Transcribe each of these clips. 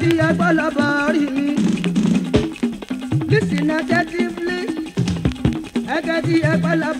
bí agbọ́lọ́bọ orí mi. Listen attentively, ẹgẹ́ bí agbọ́lọ́bọ.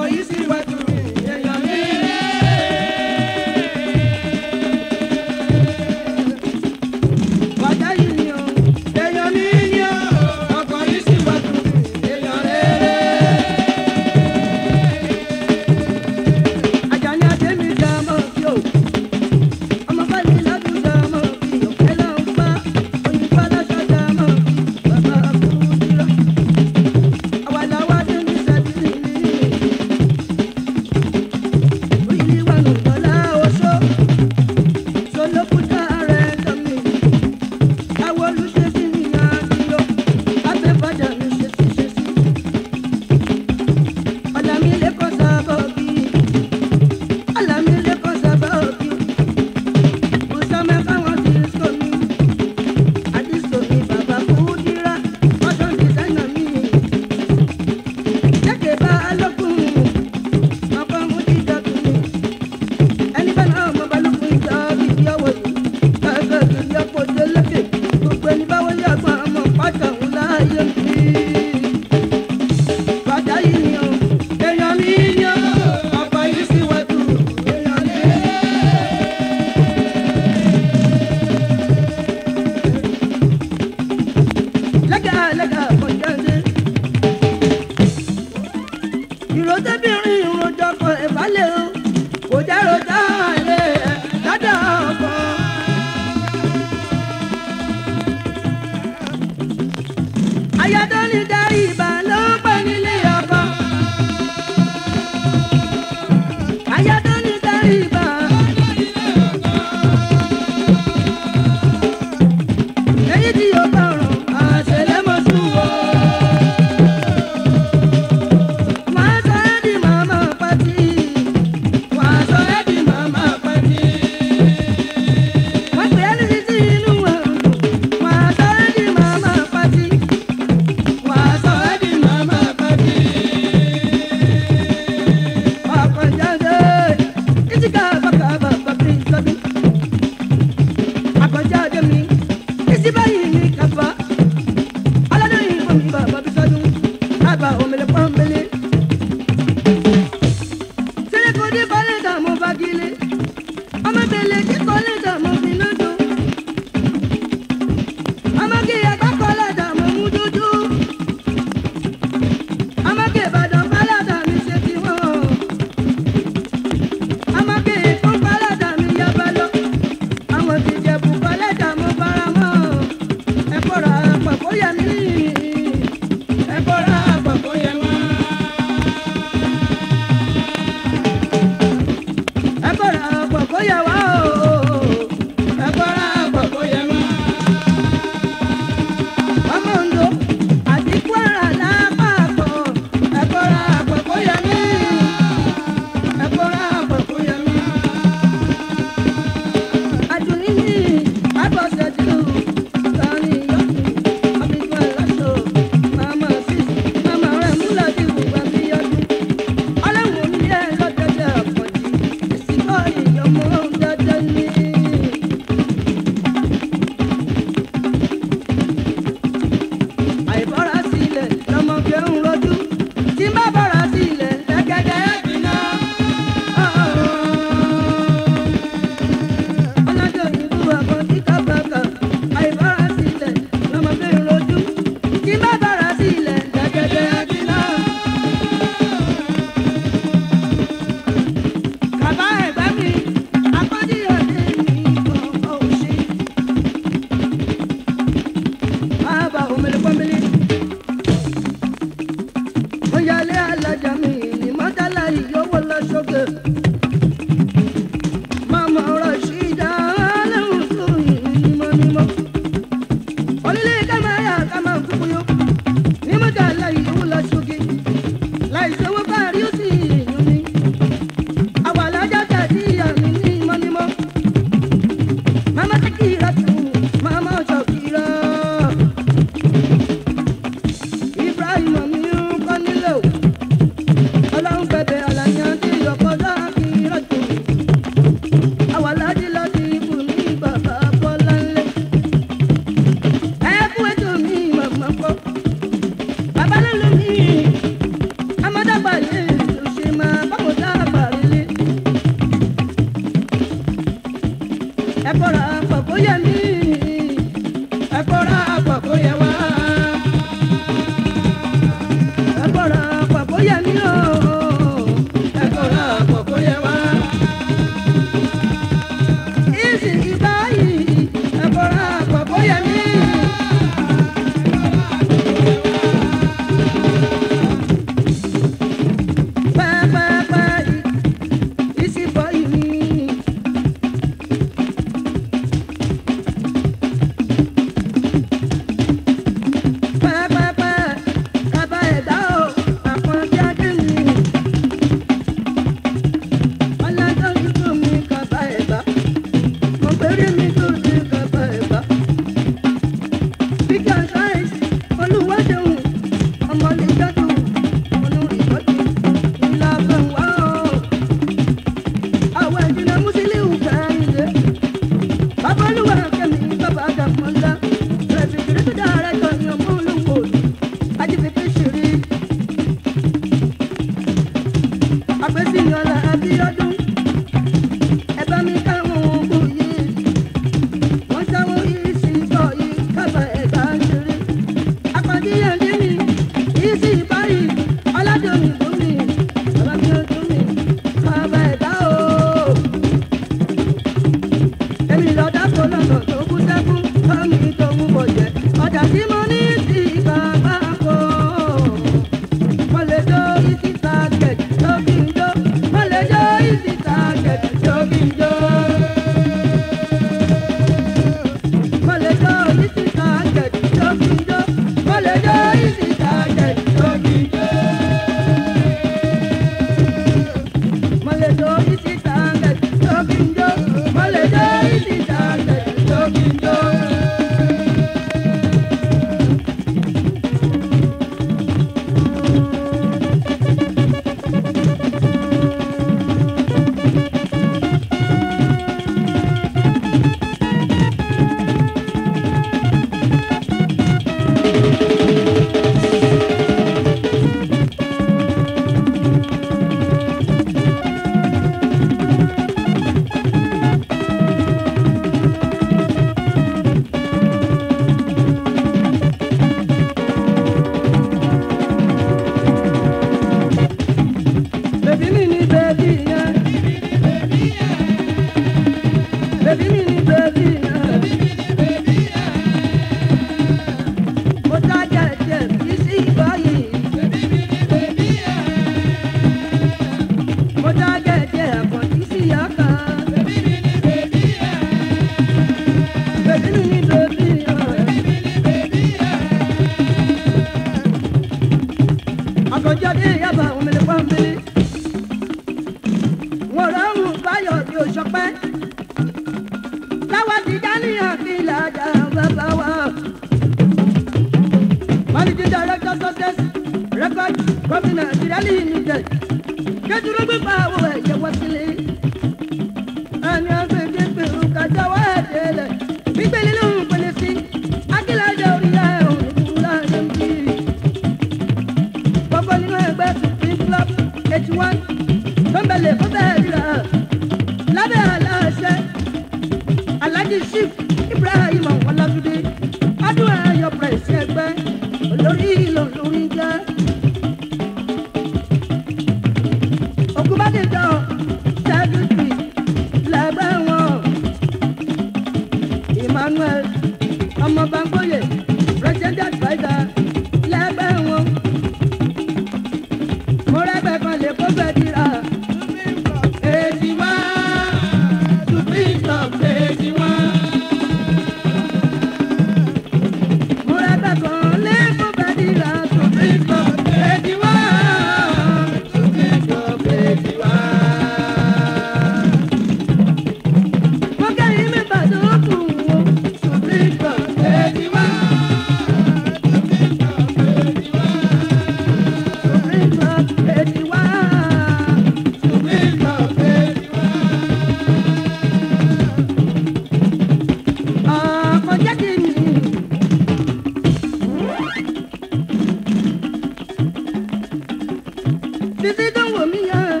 títí tó wò mí yẹn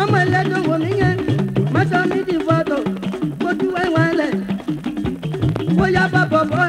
ọmọ ẹlẹ́dọ̀ wò mí yẹn mọ́tò mi ti fọ́tò kójú wẹ́wẹ́ lẹ̀ bóyá bàbọ̀ bọ́.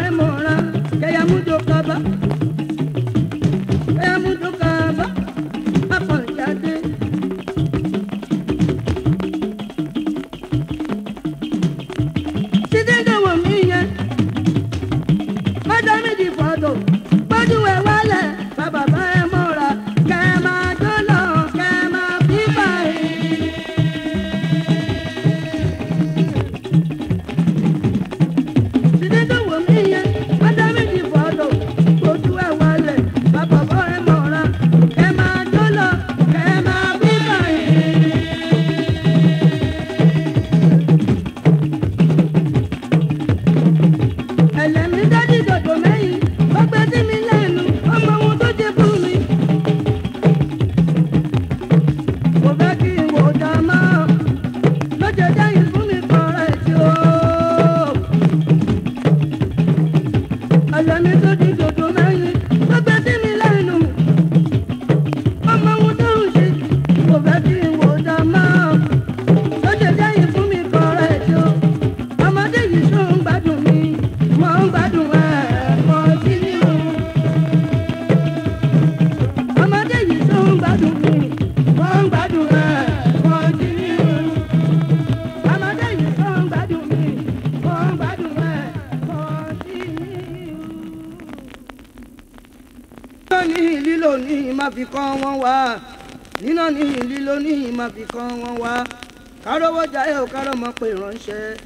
láyé ò kárọ̀ mọ́ pé ìránṣẹ́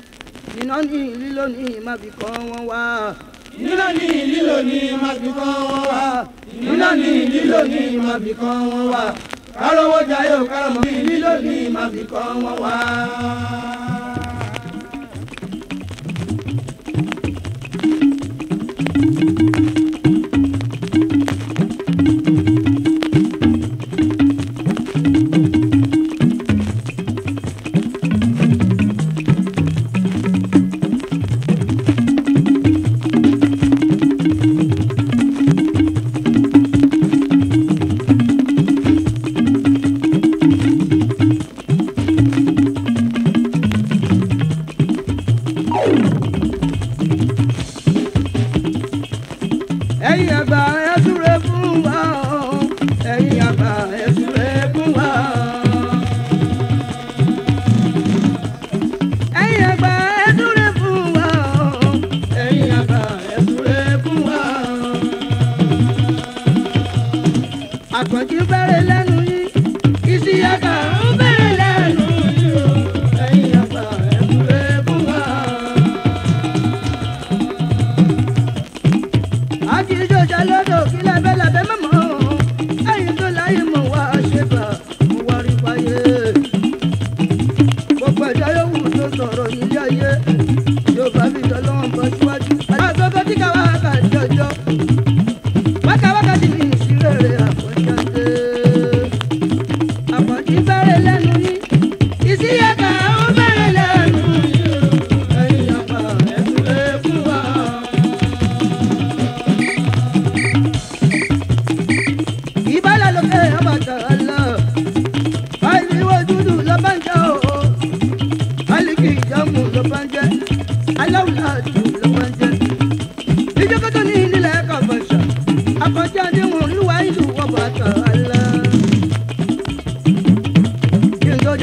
níná ní lílò ní ìmábì kan wọ́n wá. níná ní lílò ní ìmábì kan wọ́n wá. níná ní lílò ní ìmábì kan wọ́n wá. kárọ̀ yóò kárọ̀ mọ́ ní lílò ní ìmábì kan wọ́n wá.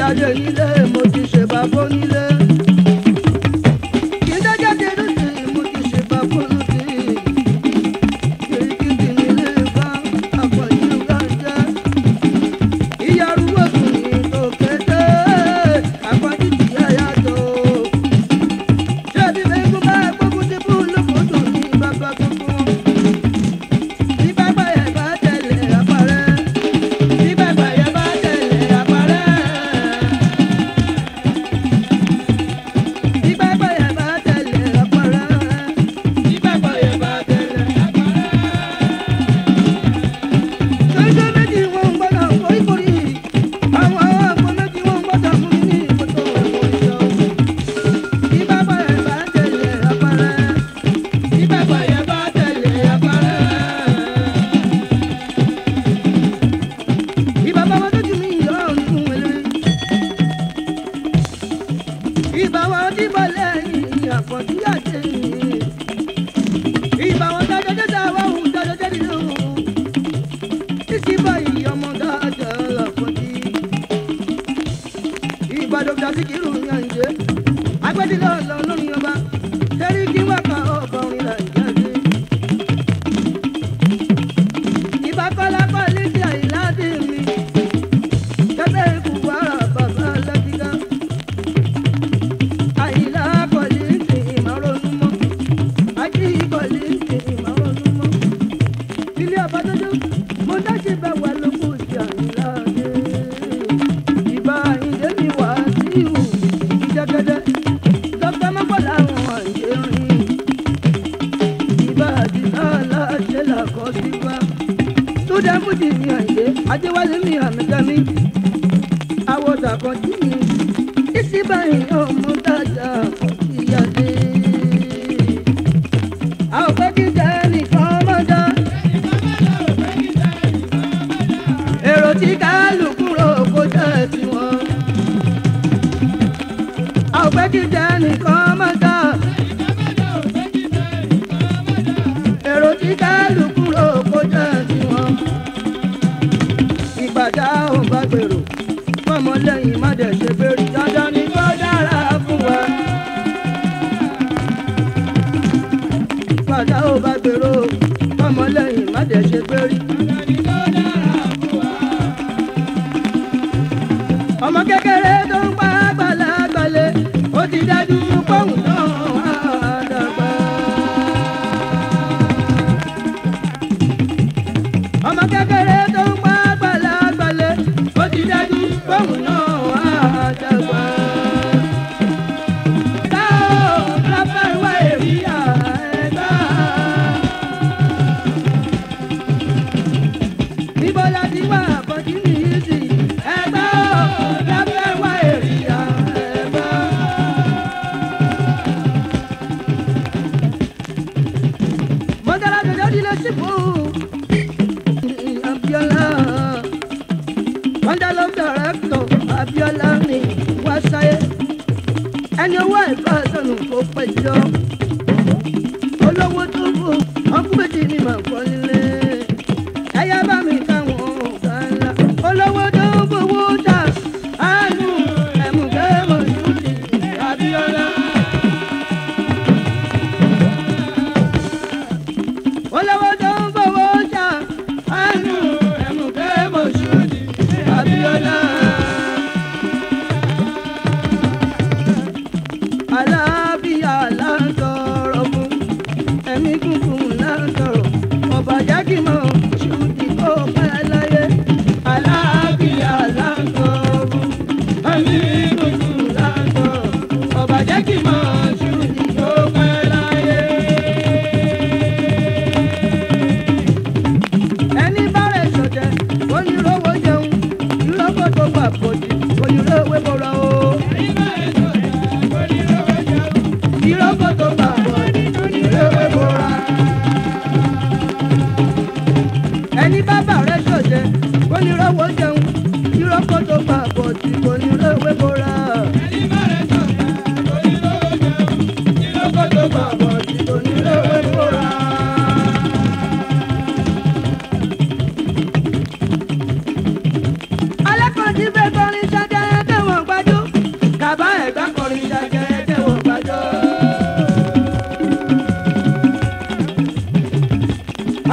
ayé nílé mo ti ṣe bàbá onílé. ìbáwọ̀ onímọ̀lẹ́yìn àpọ̀jù àti mú dájà.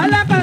Palapa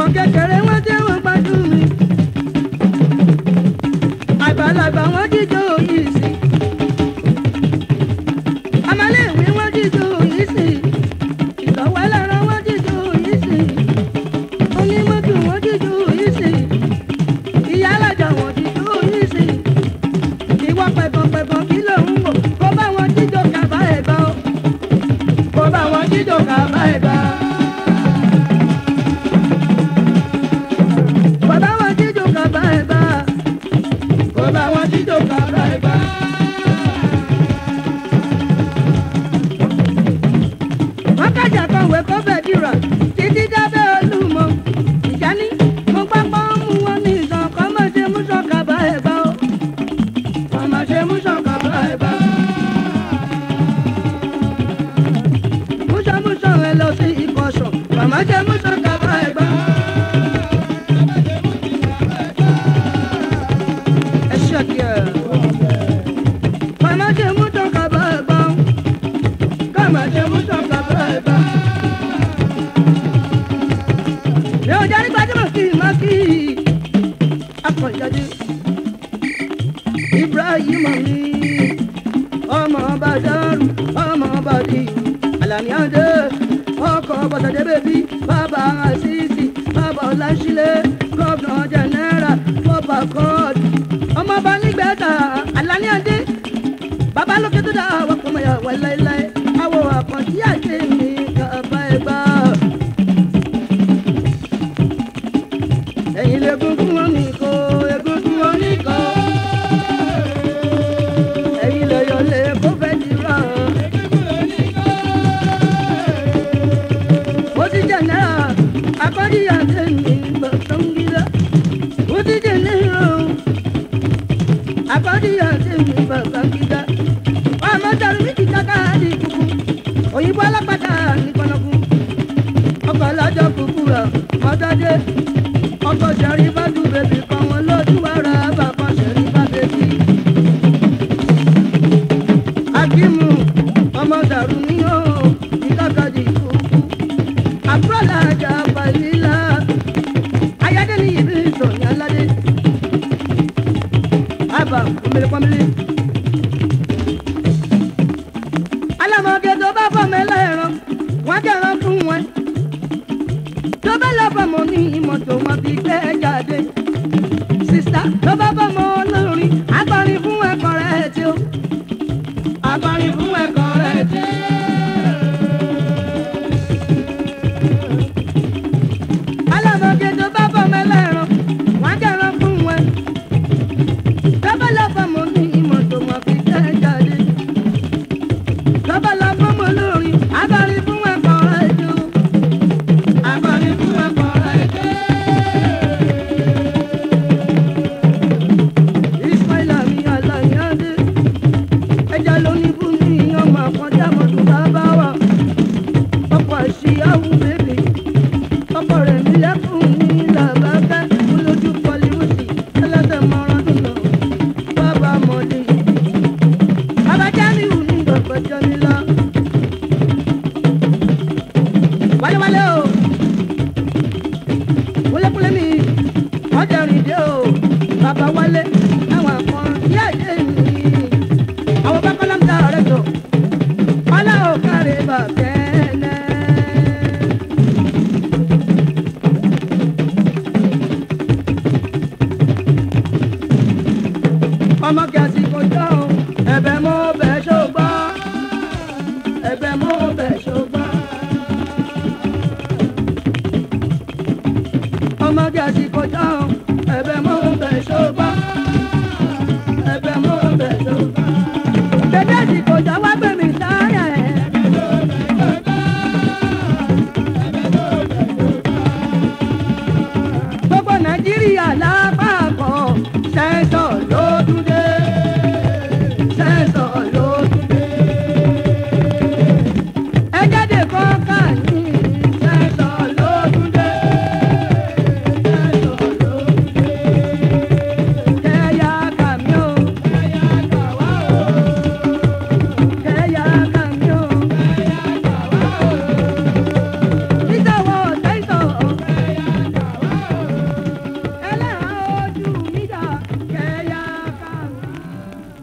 ọmọ kékeré wọ́n jẹ́. dé ọkọ̀ jàrí bá dùn bèbí kan wọn lójú ara bá. kí àsìkò jọ òun ẹ̀bẹ̀ mọ́ ọbẹ̀ ṣògbọ́n